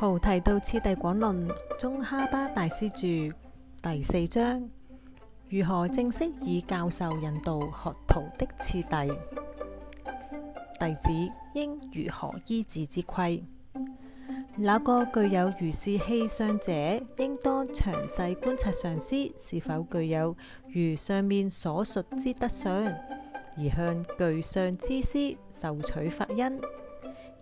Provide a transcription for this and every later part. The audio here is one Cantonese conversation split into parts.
菩提道次第廣論中，哈巴大師著第四章，如何正式以教授引導學徒的次第，弟子應如何依止之規？那個具有如是器相者，應當詳細觀察上師是否具有如上面所述之德相，而向具相之師受取法因。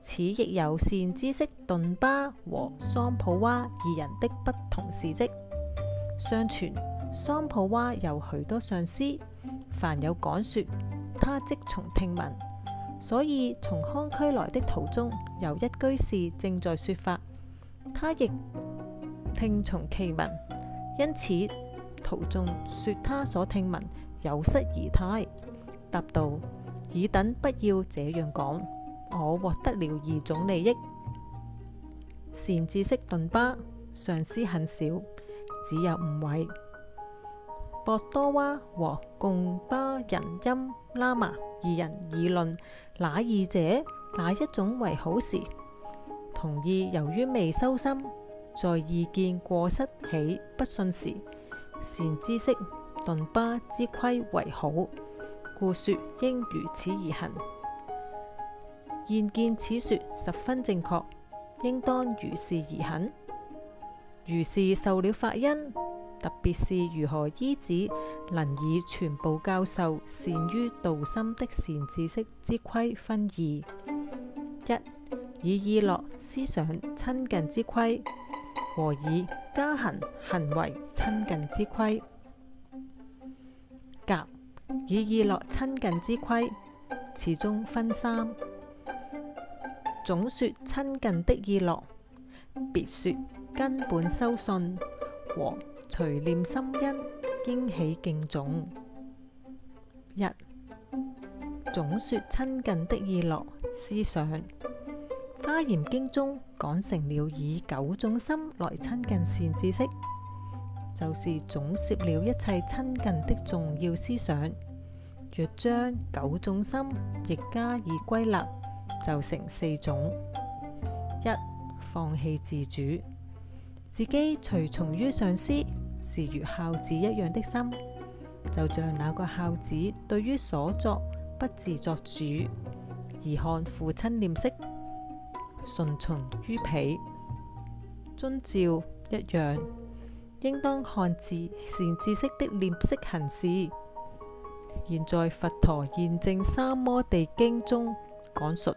此亦有善知識頓巴和桑普哇二人的不同事蹟。相傳桑普哇有許多上師，凡有講說，他即從聽聞，所以從康區來的途中，有一居士正在說法，他亦聽從其聞，因此途中說他所聽聞有失儀態，答道：爾等不要這樣講。我獲得了二種利益。善知識頓巴上司很少，只有五位。博多娃和共巴人音喇嘛二人議論哪二者哪一種為好時，同意由於未修心，在意見過失起不信時，善知識頓巴之規為好，故説應如此而行。現見此說十分正確，應當如是而肯。如是受了法因，特別是如何依止，能以全部教授善於道心的善知識之規分二：一以意樂思想親近之規，和以家行行為親近之規；甲、以意樂親近之規，此中分三。總說親近的意樂，別說根本修信和隨念心恩應起敬重。一、總說親近的意樂思想，華嚴經中講成了以九種心來親近善知識，就是總涉了一切親近的重要思想。若將九種心亦加以歸納。就成四種：一、放棄自主，自己隨從於上師，是如孝子一樣的心，就像那個孝子對於所作不自作主，而看父親臉色，順從於彼，遵照一樣，應當看自善知識的臉色行事。現在佛陀現證《三摩地經》中講述。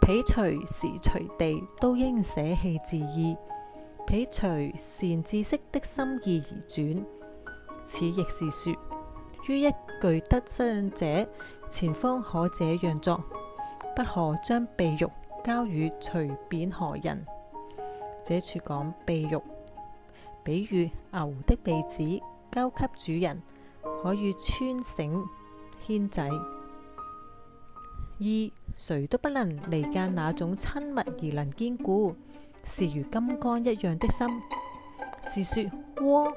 被隨時隨地都應捨棄自意，被隨善知識的心意而轉。此亦是說，於一具德相者，前方可這樣作，不可將被欲交予隨便何人。這處講被欲，比喻牛的鼻子交給主人，可以穿繩牽仔。二誰都不能離間那種親密而能堅固，是如金剛一樣的心。是說，窩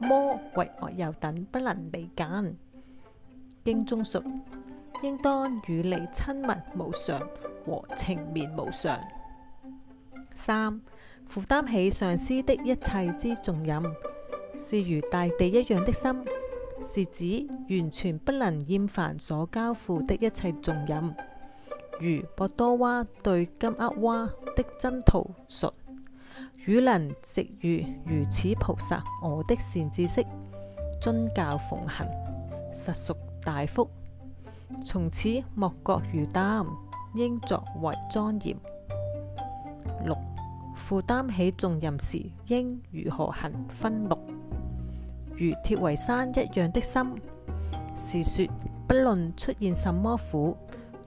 魔為惡又等不能離間。經中述：「應當與你親密無常和情面無常。」三、負擔起上司的一切之重任，是如大地一樣的心，是指完全不能厭煩所交付的一切重任。如博多娃對金厄娃的真圖述，汝能值遇如,如此菩薩，我的善知識，遵教奉行，實屬大福。從此莫覺如擔，應作為莊嚴。六負擔起重任時應如何行分？分六如鐵圍山一樣的心，是說不論出現什麼苦。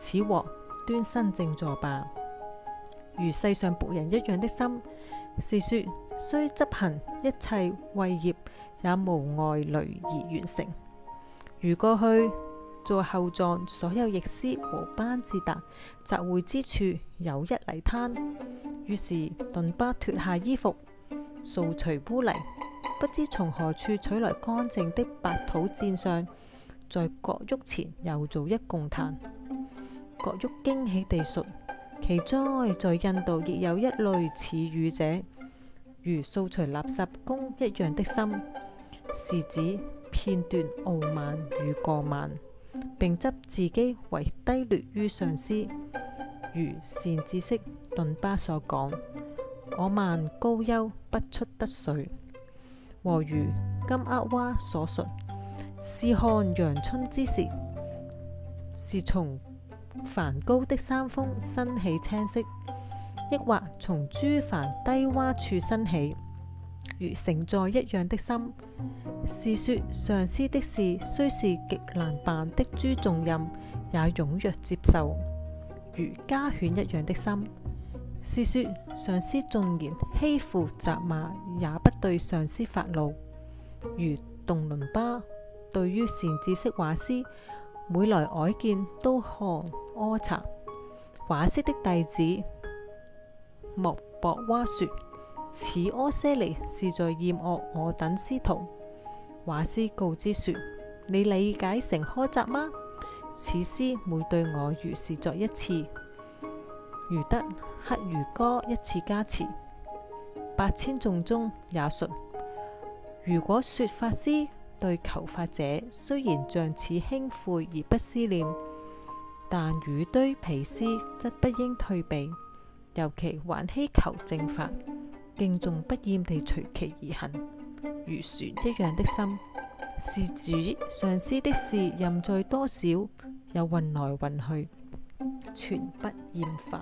此禍端身正坐吧，如世上僕人一樣的心，是說需執行一切遺業，也無外累而完成。如過去在後藏所有譯師和班智達集會之處，有一泥灘，於是頓巴脫下衣服掃除污泥，不知從何處取來乾淨的白土戰，箭上在國玉前又做一供壇。郭旭驚喜地述，其中在印度亦有一類恥語者，如掃除垃圾工一樣的心，是指片段傲慢與過慢，並執自己為低劣於上司，如善知識頓巴所講：我慢高丘不出德水」，和如金厄瓦所述，試看陽春之時，是從。梵高的山峰，升起青色；抑或從諸梵低窪處升起，如承載一樣的心，是說上師的事雖是極難辦的諸重任，也踴躍接受，如家犬一樣的心，是說上師縱然欺負責罵，也不對上師發怒，如棟倫巴對於善知識話師。每來外見都喝柯茶，華師的弟子莫博娃說：此柯些尼是在厭惡我等師徒。華師告知說：你理解成苛責嗎？此師每對我如是作一次，如得黑如歌一次加持，八千眾中也純。如果說法師。對求法者，雖然像此輕負而不思念，但如堆皮絲，則不應退避。尤其還希求正法，敬重不厭地隨其而行，如船一樣的心，是指上司的事，任在多少，又運來運去，全不厭煩。